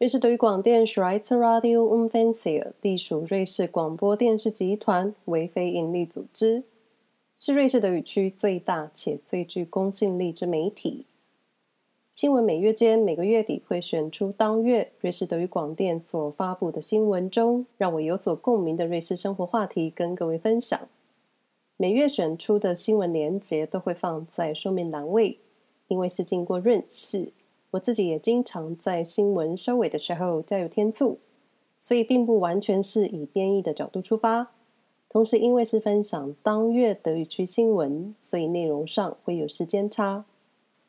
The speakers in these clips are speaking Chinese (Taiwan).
瑞士德語廣電 Schweizer Radio und Fernsehen 隸屬瑞士廣播電視集團，為非營利組織，是瑞士德語區最大且最具公信力之媒體。新聞每月間每個月底會選出當月瑞士德語廣電所發佈的新聞中，讓我有所共鳴的瑞士生活話題，跟各位分享。每月選出的新聞連結都會放在說明欄位，因為是經過潤飾，我自己也經常在新聞收尾的時候加油添醋，所以並不完全是以編譯的角度出發。同時，因為是分享當月德語區新聞，所以內容上會有時間差。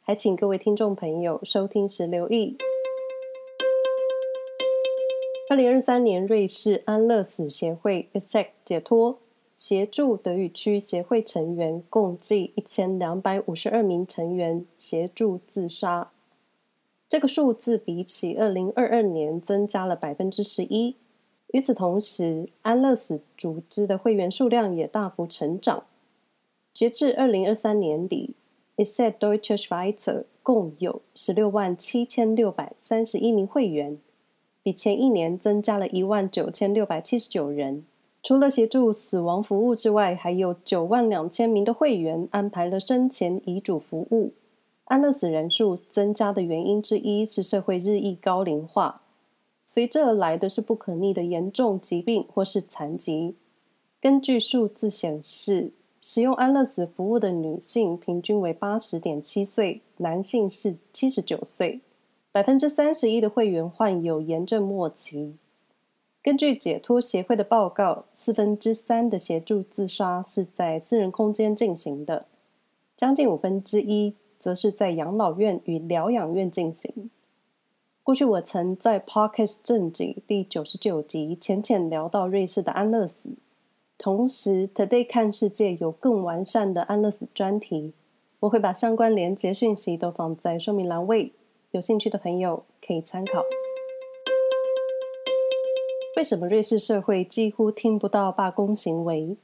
還請各位聽眾朋友收聽時留意。二零二三年，瑞士安樂死協會 （EXIT） 解脫協助德語區協會成員共計一千兩百五十二名成員協助自殺。這個數字比起二零二二年增加了百分之十一。與此同時，安樂死組織的會員數量也大幅成長。截至二零二三年底，EXIT Deutsche Schweiz 共有十六萬七千六百三十一名會員，比前一年增加了一萬九千六百七十九人。除了協助死亡服務之外，還有九萬兩千名的會員安排了生前遺囑服務。安樂死人數增加的原因之一是社會日益高齡化，隨之而來的是不可逆的嚴重疾病或是殘疾。根據數字顯示，使用安樂死服務的女性平均為八十點七歲，男性是七十九歲。百分之三十一的會員患有癌症末期。根據解脫協會的報告，四分之三的協助自殺是在私人空間進行的，將近五分之一。則是在養老院與療養院進行。過去我曾在《Podcast 正經》第九十九集淺淺聊到瑞士的安樂死，同時《Today 看世界》有更完善的安樂死專題，我會把相關連結訊息都放在說明欄位，有興趣的朋友可以參考。為什麼瑞士社會幾乎聽不到罷工行為？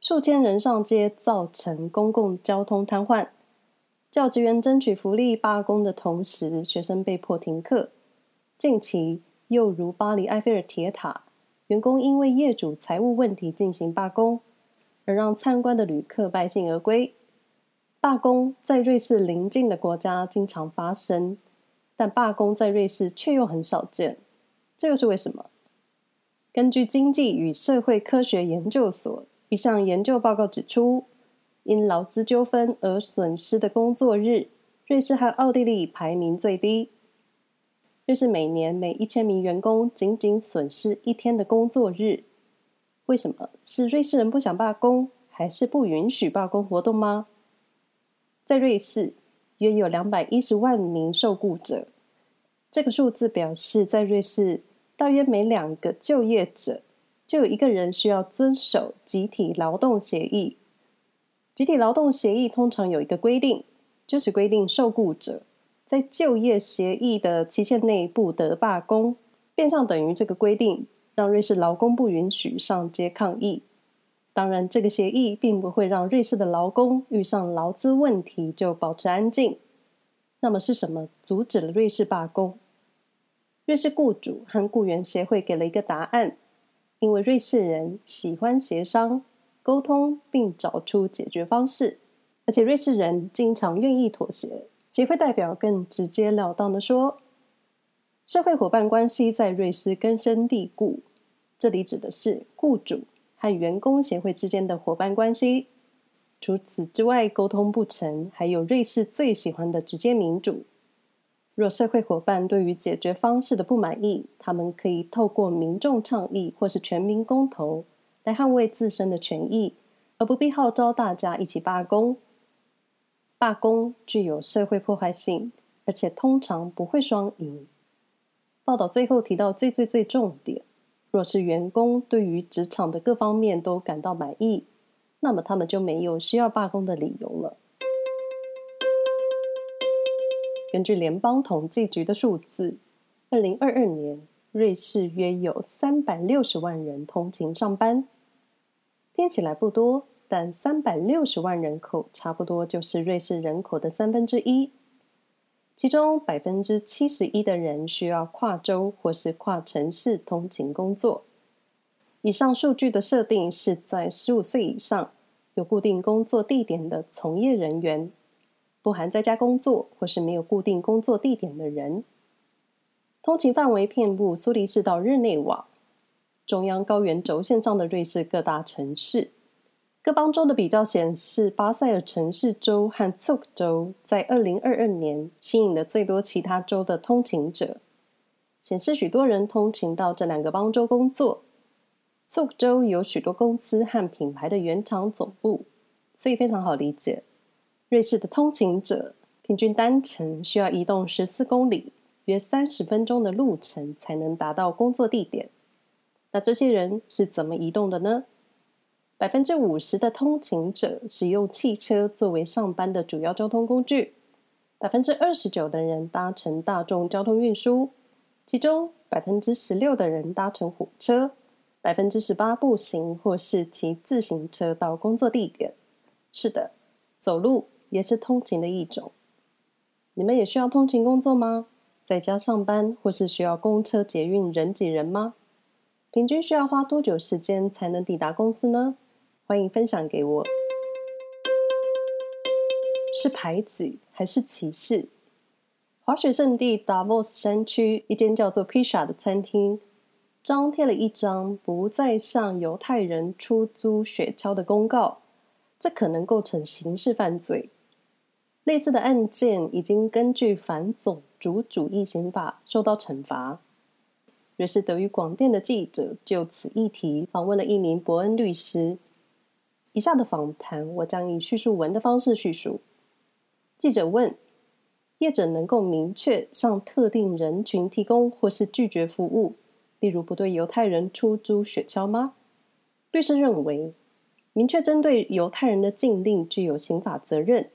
數千人上街，造成公共交通癱瘓。教職員爭取福利罷工的同時，學生被迫停課。近期又如巴黎埃菲爾鐵塔，員工因為業主財務問題進行罷工，而讓參觀的旅客敗興而歸。罷工在瑞士鄰近的國家經常發生，但罷工在瑞士卻又很少見。這又是為什麼？根據經濟與社會科學研究所一項研究報告指出。因勞資糾紛而損失的工作日，瑞士和奧地利排名最低。瑞士每年每一千名員工僅僅損失一天的工作日。為什麼？是瑞士人不想罷工，還是不允許罷工活動嗎？在瑞士，約有兩百一十萬名受僱者。這個數字表示，在瑞士，大約每兩個就業者就有一個人需要遵守集體勞動協議。集體勞動協議通常有一個規定，就是規定受雇者在就業協議的期限內不得罷工，變相等於這個規定讓瑞士勞工不允許上街抗議。當然，這個協議並不會讓瑞士的勞工遇上勞資問題就保持安靜。那麼是什麼阻止了瑞士罷工？瑞士雇主和雇員協會給了一個答案：因為瑞士人喜歡協商。溝通並找出解決方式，而且瑞士人經常願意妥協。協會代表更直截了當的說：“社會伙伴關係在瑞士根深蒂固。”這裡指的是雇主和員工協會之間的伙伴關係。除此之外，溝通不成，還有瑞士最喜歡的直接民主。若社會伙伴對於解決方式的不滿意，他們可以透過民眾倡議或是全民公投。來捍衛自身的權益，而不必號召大家一起罷工。罷工具有社會破壞性，而且通常不會雙贏。報道最後提到最最最重點：若是員工對於職場的各方面都感到滿意，那麼他們就沒有需要罷工的理由了。根據聯邦統計局的數字，二零二二年，瑞士約有三百六十萬人通勤上班。聽起來不多，但三百六十萬人口差不多就是瑞士人口的三分之一。其中百分之七十一的人需要跨州或是跨城市通勤工作。以上數據的設定是在十五歲以上、有固定工作地點的從業人員，不含在家工作或是沒有固定工作地點的人。通勤範圍遍佈蘇黎世到日內瓦，中央高原軸線上的瑞士各大城市，各邦州的比較顯示，巴塞爾城市州和蘇克州在二零二二年吸引了最多其他州的通勤者，顯示許多人通勤到這兩個邦州工作。蘇克州有許多公司和品牌的原廠總部，所以非常好理解。瑞士的通勤者平均單程需要移動十四公里，約三十分鐘的路程才能達到工作地點。那這些人是怎麼移動的呢？百分之五十的通勤者使用汽車作為上班的主要交通工具，百分之二十九的人搭乘大眾交通運輸，其中百分之十六的人搭乘火車，百分之十八步行或是騎自行車到工作地點。是的，走路也是通勤的一種。你們也需要通勤工作嗎？在家上班或是需要公車捷運人擠人嗎？平均需要花多久時間才能抵達公司呢？歡迎分享給我。是排擠還是歧視？滑雪勝地達沃斯山區一間叫做 Pisa 的餐廳張貼了一張不再向猶太人出租雪橇的公告，這可能構成刑事犯罪。類似的案件已經根據反種族主義刑法受到懲罰。瑞士德語廣電的記者就此議題訪問了一名伯恩律師。以下的訪談，我將以敘述文的方式敘述。記者問：“業者能夠明確向特定人群提供或是拒絕服務，例如不對猶太人出租雪橇嗎？”律師認為，明確針對猶太人的禁令具有刑法責任。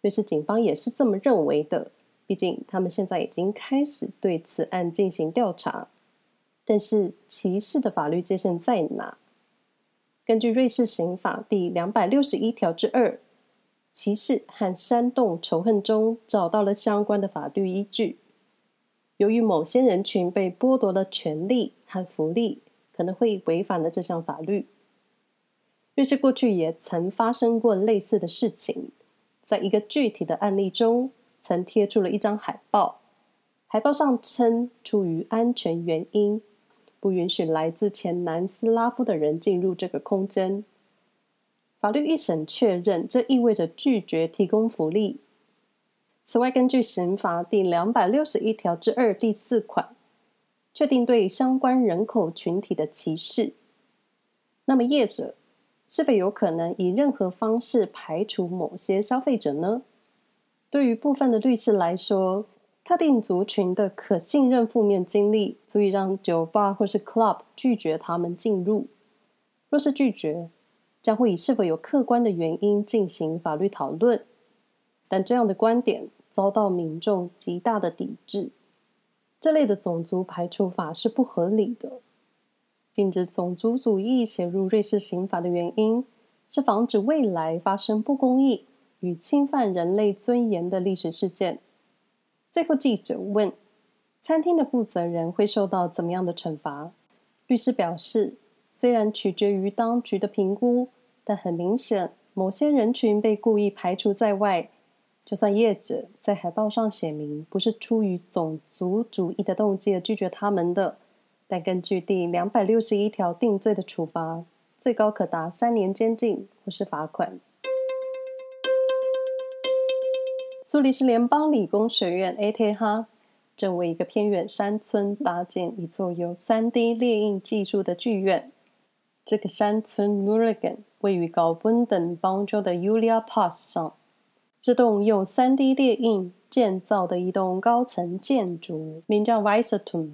瑞士警方也是這麼認為的，畢竟他們現在已經開始對此案進行調查。但是歧視的法律界限在哪？根據瑞士刑法第兩百六十一條之二，歧視和煽動仇恨中找到了相關的法律依據。由於某些人群被剝奪了權利和福利，可能會違反了這項法律。瑞士過去也曾發生過類似的事情，在一個具體的案例中，曾貼出了一張海報。海報上稱，出於安全原因，不允許來自前南斯拉夫的人進入這個空間。法律一審確認，這意味着拒絕提供福利。此外，根據刑法第兩百六十一條之二第四款，確定對相關人口群體的歧視。那麼，業者是否有可能以任何方式排除某些消費者呢？對於部分的律師來說，特定族群的可信任負面經歷足以讓酒吧或是 club 拒絕他們進入。若是拒絕，將會以是否有客觀的原因進行法律討論。但這樣的觀點遭到民眾極大的抵制。這類的種族排除法是不合理的。禁止種族主義寫入瑞士刑法的原因是防止未來發生不公義與侵犯人類尊嚴的歷史事件。最後，記者問：“餐廳的負責人會受到怎麼樣的懲罰？”律師表示：“雖然取決於當局的評估，但很明顯，某些人群被故意排除在外。就算業者在海報上寫明不是出於種族主義的動機而拒絕他們的，但根據第兩百六十一條定罪的處罰，最高可達三年監禁或是罰款。”蘇黎世聯邦理工學院 ETH 正為一個偏遠山村搭建一座由 3D 列印技術的劇院。這個山村 Nureggen 位於 Graubünden 邦州的 Julia Pass 上。這棟用 3D 列印建造的一棟高層建築，名叫 Visetum，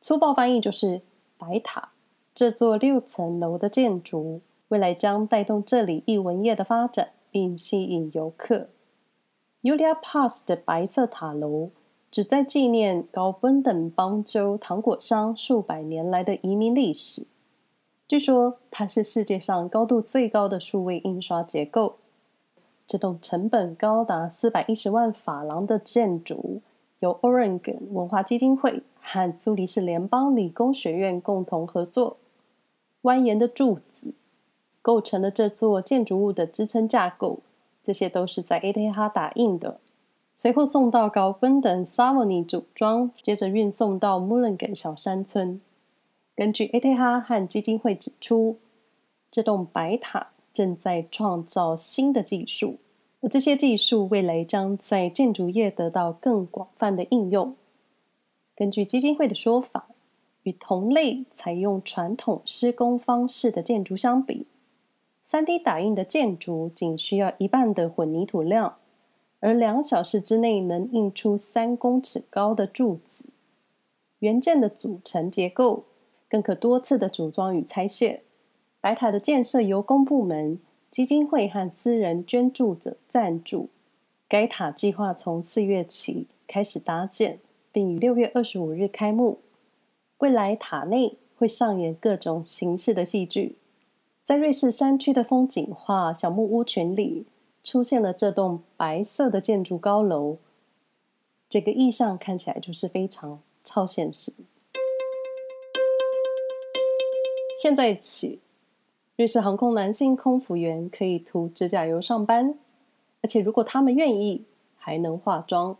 粗暴翻譯就是“白塔”。這座六層樓的建築未來將帶動這裡藝文業的發展，並吸引遊客。Julierpass 的白色塔樓旨在紀念高分登邦州糖果商數百年來的移民歷史。據說它是世界上高度最高的數位印刷結構。這棟成本高達四百一十萬法郎的建築由 Orange 文化基金會和蘇黎世聯邦理工學院共同合作。蜿蜒的柱子構成了這座建築物的支撐架構。這些都是在 ETH 打印的，隨後送到高芬登薩沃尼組裝，接着運送到穆倫根小山村。根據 ETH 和基金會指出，這棟白塔正在創造新的技術，而這些技術未來將在建築業得到更廣泛的應用。根據基金會的說法，與同類採用傳統施工方式的建築相比，3D 打印的建築僅需要一半的混凝土量，而兩小時之內能印出三公尺高的柱子。原件的組成結構更可多次的組裝與拆卸。白塔的建設由公部門、基金會和私人捐助者贊助。該塔計劃從四月起開始搭建，並於六月二十五日開幕。未來塔內會上演各種形式的戲劇。在瑞士山區的風景畫小木屋群裡，出現了這棟白色的建築高樓。這個意象看起來就是非常超現實。現在起，瑞士航空男性空服員可以塗指甲油上班，而且如果他們願意，還能化妝。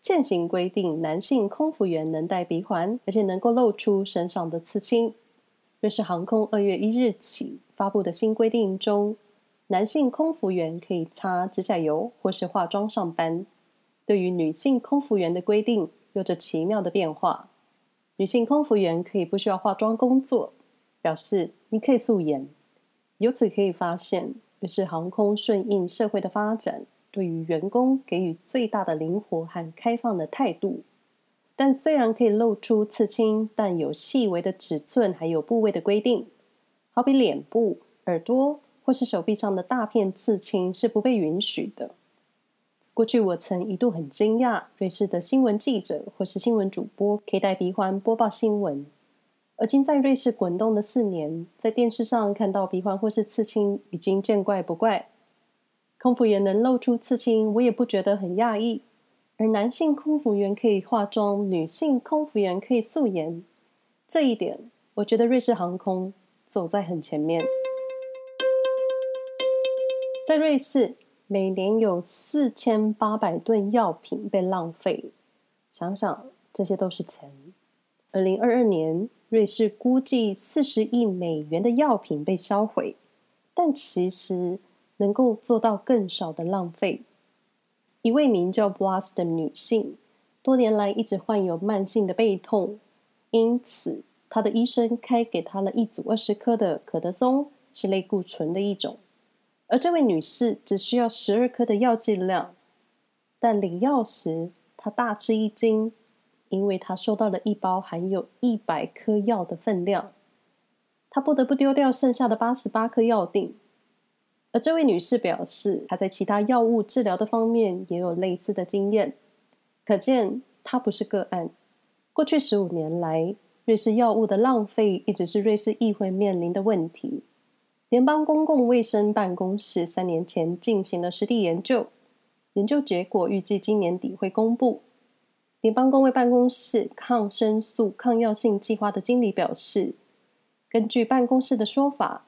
現行規定，男性空服員能戴鼻環，而且能夠露出身上的刺青。瑞士航空二月一日起發布的新規定中，男性空服員可以擦指甲油或是化妝上班。對於女性空服員的規定有着奇妙的變化，女性空服員可以不需要化妝工作，表示你可以素顏。由此可以發現，瑞士航空順應社會的發展，對於員工給予最大的靈活和開放的態度。但雖然可以露出刺青，但有細微的尺寸還有部位的規定，好比臉部、耳朵或是手臂上的大片刺青是不被允許的。過去我曾一度很驚訝，瑞士的新聞記者或是新聞主播可以戴鼻環播報新聞，而今在瑞士滾動的四年，在電視上看到鼻環或是刺青已經見怪不怪。空服也能露出刺青，我也不覺得很訝異。而男性空服員可以化妝，女性空服員可以素顏。這一點，我覺得瑞士航空走在很前面。在瑞士，每年有四千八百噸藥品被浪費，想想這些都是錢。二零二二年，瑞士估計四十億美元的藥品被銷毀，但其實能夠做到更少的浪費。一位名叫 Blas 的女性，多年來一直患有慢性的背痛，因此她的醫生開給她了一組二十顆的可得松，是類固醇的一種。而這位女士只需要十二顆的藥劑量，但領藥時她大吃一驚，因為她收到了一包含有一百顆藥的分量，她不得不丟掉剩下的八十八顆藥錠。而這位女士表示，她在其他藥物治療的方面也有類似的經驗，可見她不是個案。過去十五年來，瑞士藥物的浪費一直是瑞士議會面臨的問題。聯邦公共衛生辦公室三年前進行了實地研究，研究結果預計今年底會公布。聯邦公衛辦公室抗生素抗藥性計劃的經理表示，根據辦公室的說法。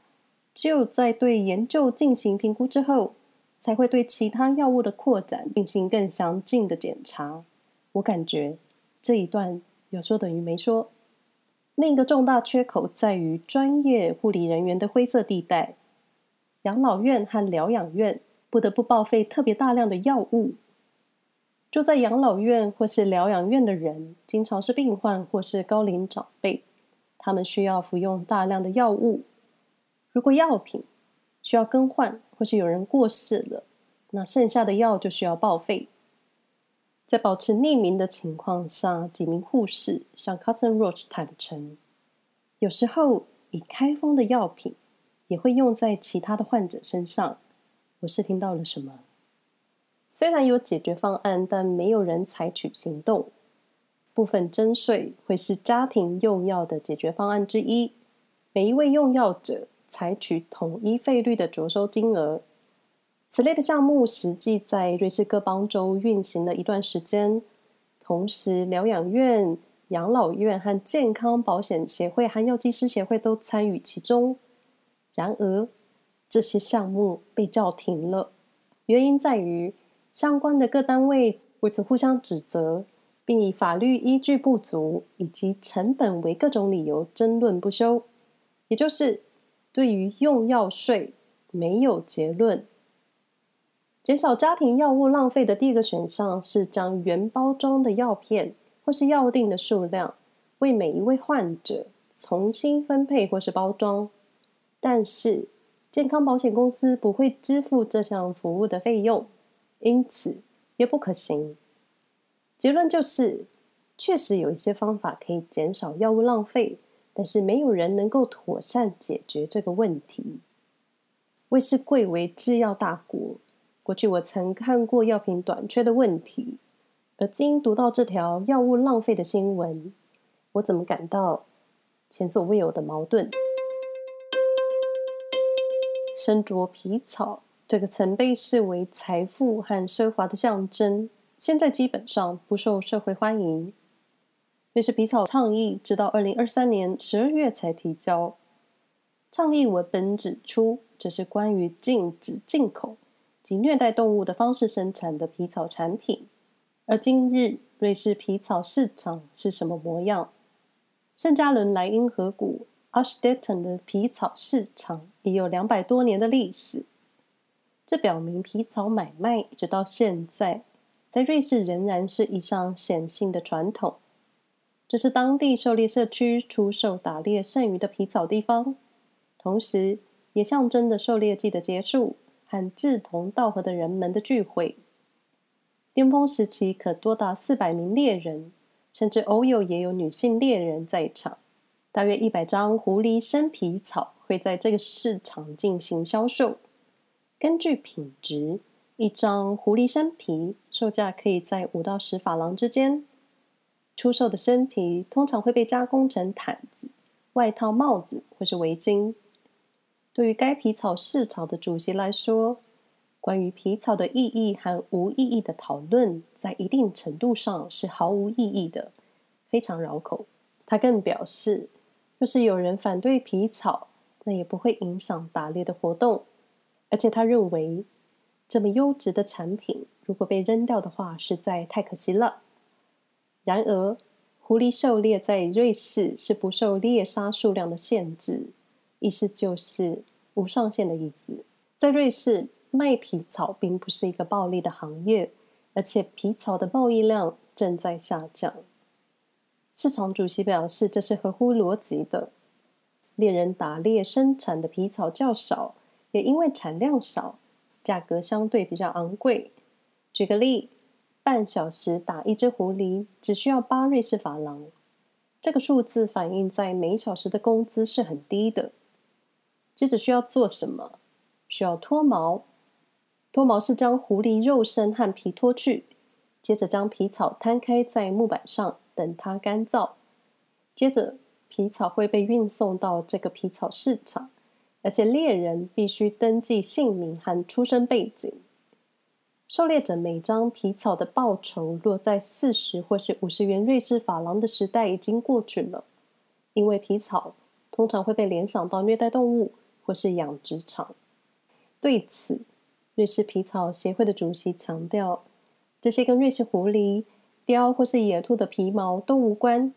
只有在對研究進行評估之後，才會對其他藥物的擴展進行更詳盡的檢查。我感覺這一段有說等於沒說。另一個重大缺口在於專業護理人員的灰色地帶。養老院和療養院不得不報廢特別大量的藥物。住在養老院或是療養院的人，經常是病患或是高齡長輩，他們需要服用大量的藥物。如果藥品需要更換，或是有人過世了，那剩下的藥就需要報廢。在保持匿名的情況下，幾名護士向 Cousin Roach 坦誠，有時候已開封的藥品也會用在其他的患者身上。我是聽到了什麼？雖然有解決方案，但沒有人採取行動。部分徵稅會是家庭用藥的解決方案之一。每一位用藥者。採取統一費率的收取金額，此類的項目實際在瑞士各邦州運行了一段時間。同時，療養院、養老院和健康保險協會、和藥劑師協會都參與其中。然而，這些項目被叫停了，原因在於相關的各單位為此互相指責，並以法律依據不足以及成本為各種理由爭論不休。也就是。對於用藥稅沒有結論。減少家庭藥物浪費的第一個選項是將原包裝的藥片或是藥錠的數量為每一位患者重新分配或是包裝，但是健康保險公司不會支付這項服務的費用，因此也不可行。結論就是，確實有一些方法可以減少藥物浪費。但是沒有人能夠妥善解決這個問題。瑞士貴為製藥大國，過去我曾看過藥品短缺的問題，而今讀到這條藥物浪費的新聞，我怎麼感到前所未有的矛盾？身着皮草，這個曾被視為財富和奢華的象徵，現在基本上不受社會歡迎。瑞士皮草倡議直到二零二三年十二月才提交。倡議文本指出，這是關於禁止進口及虐待動物的方式生產的皮草產品。而今日瑞士皮草市場是什麼模樣？聖加倫萊茵河谷 Altstätten 的皮草市場已有兩百多年的歷史，這表明皮草買賣直到現在在瑞士仍然是一項顯性的傳統。這是當地狩獵社區出售打獵剩餘的皮草地方，同時也象徵着狩獵季的結束和志同道合的人們的聚會。巔峰時期可多達四百名獵人，甚至偶有也有女性獵人在場。大約一百張狐狸生皮草會在這個市場進行銷售。根據品質，一張狐狸生皮售價可以在五到十法郎之間。出售的生皮通常會被加工成毯子、外套、帽子或是圍巾。對於該皮草市場的主席來說，關於皮草的意義和無意義的討論，在一定程度上是毫無意義的，非常繞口。他更表示，若是有人反對皮草，那也不會影響打獵的活動。而且他認為，這麼優質的產品如果被扔掉的話，實在太可惜了。然而，狐狸狩獵在瑞士是不受獵殺數量的限制，意思就是無上限的意思。在瑞士，賣皮草並不是一個暴利的行業，而且皮草的貿易量正在下降。市場主席表示，這是合乎邏輯的。獵人打獵生產的皮草較少，也因為產量少，價格相對比較昂貴。舉個例。半小時打一隻狐狸只需要八瑞士法郎，這個數字反映在每小時的工資是很低的。接着需要做什麼？需要脫毛。脫毛是將狐狸肉身和皮脫去，接着將皮草攤開在木板上等它乾燥。接着皮草會被運送到這個皮草市場，而且獵人必須登記姓名和出生背景。狩獵者每張皮草的報酬落在四十或是五十元瑞士法郎的時代已經過去了，因為皮草通常會被聯想到虐待動物或是養殖場。對此，瑞士皮草協會的主席強調，這些跟瑞士狐狸、貂或是野兔的皮毛都無關。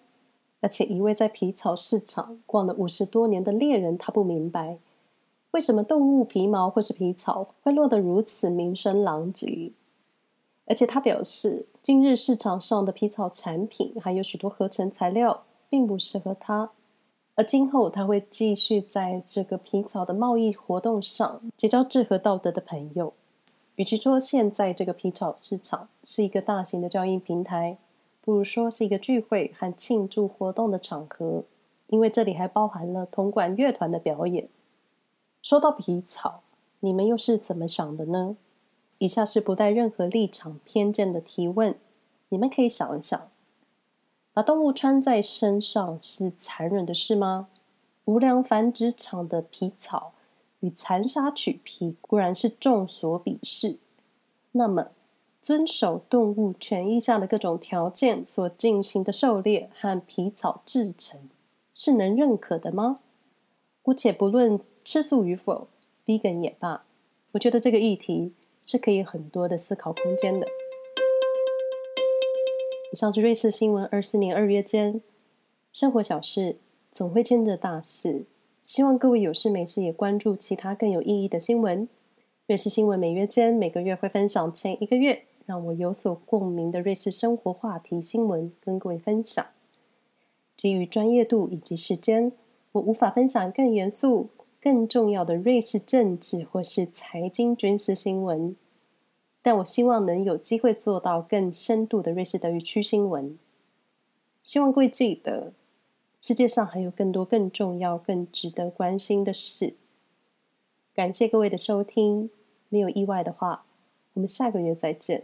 而且，一位在皮草市場逛了五十多年的獵人，他不明白。為什麼動物皮毛或是皮草會落得如此名聲狼藉？而且他表示，今日市場上的皮草產品還有許多合成材料，並不適合他，而今後他會繼續在這個皮草的貿易活動上結交志同道合的朋友。與其說現在這個皮草市場是一個大型的交易平台，不如說是一個聚會和慶祝活動的場合，因為這裡還包含了銅管樂團的表演。說到皮草，你們又是怎麼想的呢？以下是不帶任何立場偏見的提問，你們可以想一想：把、啊、動物穿在身上是殘忍的事嗎？無良繁殖場的皮草與殘殺取皮，固然是眾所鄙視。那麼，遵守動物權益下的各種條件所進行的狩獵和皮草製成，是能認可的嗎？姑且不論。吃素與否比 e 也罷，我覺得這個議題是可以很多的思考空間的。以上是瑞士新聞二四年二月間。生活小事總會牽着大事，希望各位有事沒事也關注其他更有意義的新聞。瑞士新聞每月間，每個月會分享前一個月讓我有所共鳴的瑞士生活話題新聞，跟各位分享。基於專業度以及時間，我無法分享更嚴肅更重要的瑞士政治或是財經軍事新聞，但我希望能有機會做到更深度的瑞士德語區新聞。希望各位記得，世界上還有更多、更重要、更值得關心的事。感謝各位的收聽，沒有意外的話，我們下個月再見。